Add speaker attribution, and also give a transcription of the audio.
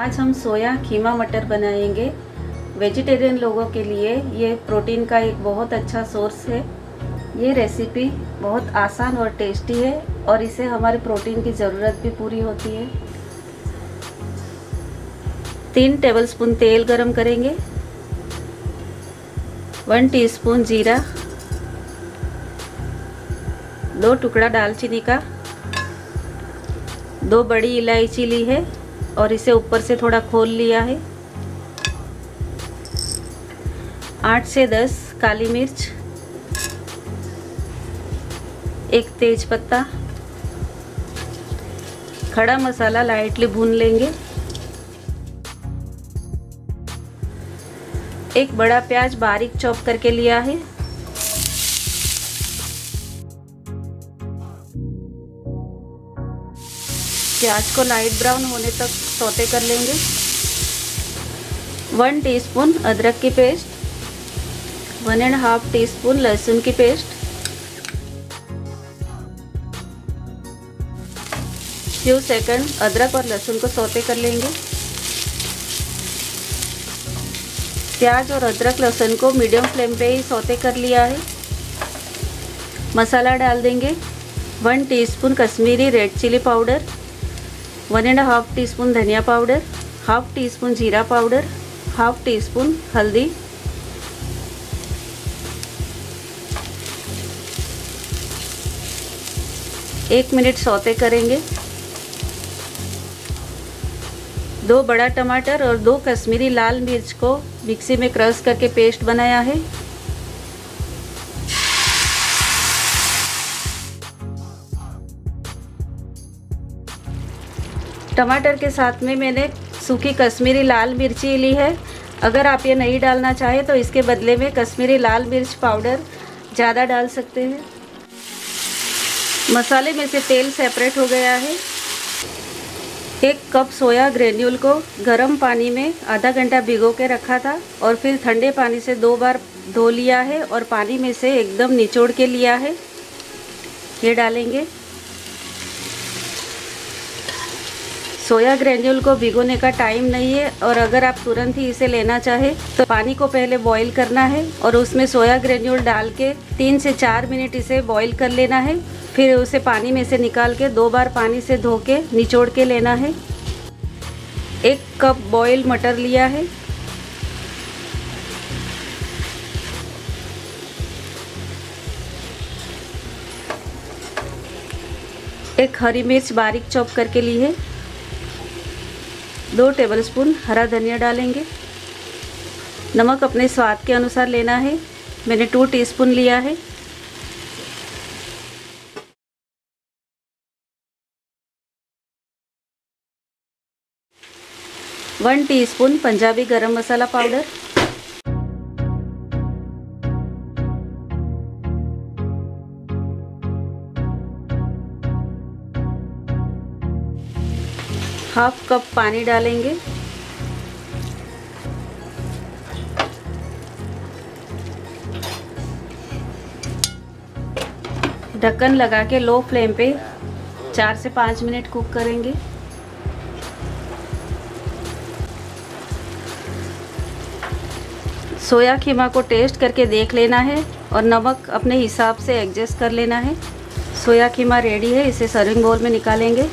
Speaker 1: आज हम सोया कीमा मटर बनाएंगे वेजिटेरियन लोगों के लिए ये प्रोटीन का एक बहुत अच्छा सोर्स है ये रेसिपी बहुत आसान और टेस्टी है और इसे हमारे प्रोटीन की ज़रूरत भी पूरी होती है तीन टेबलस्पून तेल गरम करेंगे वन टीस्पून जीरा दो टुकड़ा दालचीनी का दो बड़ी इलायची ली है और इसे ऊपर से थोड़ा खोल लिया है आठ से दस काली मिर्च एक तेज पत्ता खड़ा मसाला लाइटली भून लेंगे एक बड़ा प्याज बारीक चॉप करके लिया है प्याज को लाइट ब्राउन होने तक सौते कर लेंगे वन टीस्पून अदरक की paste one and half teaspoon लहसुन की पेस्ट फ्यू सेकंड अदरक और लहसुन को सौते कर लेंगे प्याज और अदरक लहसुन को मीडियम फ्लेम पे ही सौते कर लिया है मसाला डाल देंगे one teaspoon Kashmiri red chilli powder one and half teaspoon धनिया पाउडर हाफ टी स्पून जीरा पाउडर हाफ टी स्पून हल्दी एक मिनट सौते करेंगे दो बड़ा टमाटर और दो कश्मीरी लाल मिर्च को मिक्सी में क्रश करके पेस्ट बनाया है टमाटर के साथ में मैंने सूखी कश्मीरी लाल मिर्ची ली है अगर आप ये नहीं डालना चाहें तो इसके बदले में कश्मीरी लाल मिर्च पाउडर ज़्यादा डाल सकते हैं मसाले में से तेल सेपरेट हो गया है एक कप सोया ग्रेन्यूल को गर्म पानी में आधा घंटा भिगो के रखा था और फिर ठंडे पानी से दो बार धो लिया है और पानी में से एकदम निचोड़ के लिया है ये डालेंगे सोया ग्रेन्यूल को भिगोने का टाइम नहीं है और अगर आप तुरंत ही इसे लेना चाहे तो पानी को पहले बॉईल करना है और उसमें सोया ग्रेन्यूल डाल के तीन से चार मिनट इसे बॉईल कर लेना है फिर उसे पानी में से निकाल के दो बार पानी से धो के निचोड़ के लेना है एक कप बॉयल मटर लिया है एक हरी मिर्च बारीक चॉप करके ली है दो टेबलस्पून हरा धनिया डालेंगे नमक अपने स्वाद के अनुसार लेना है मैंने टू टीस्पून लिया है वन टीस्पून पंजाबी गरम मसाला पाउडर हाफ कप पानी डालेंगे ढक्कन लगा के लो फ्लेम पे चार से पाँच मिनट कुक करेंगे सोया खीमा को टेस्ट करके देख लेना है और नमक अपने हिसाब से एडजस्ट कर लेना है सोया खीमा रेडी है इसे सर्विंग बोल में निकालेंगे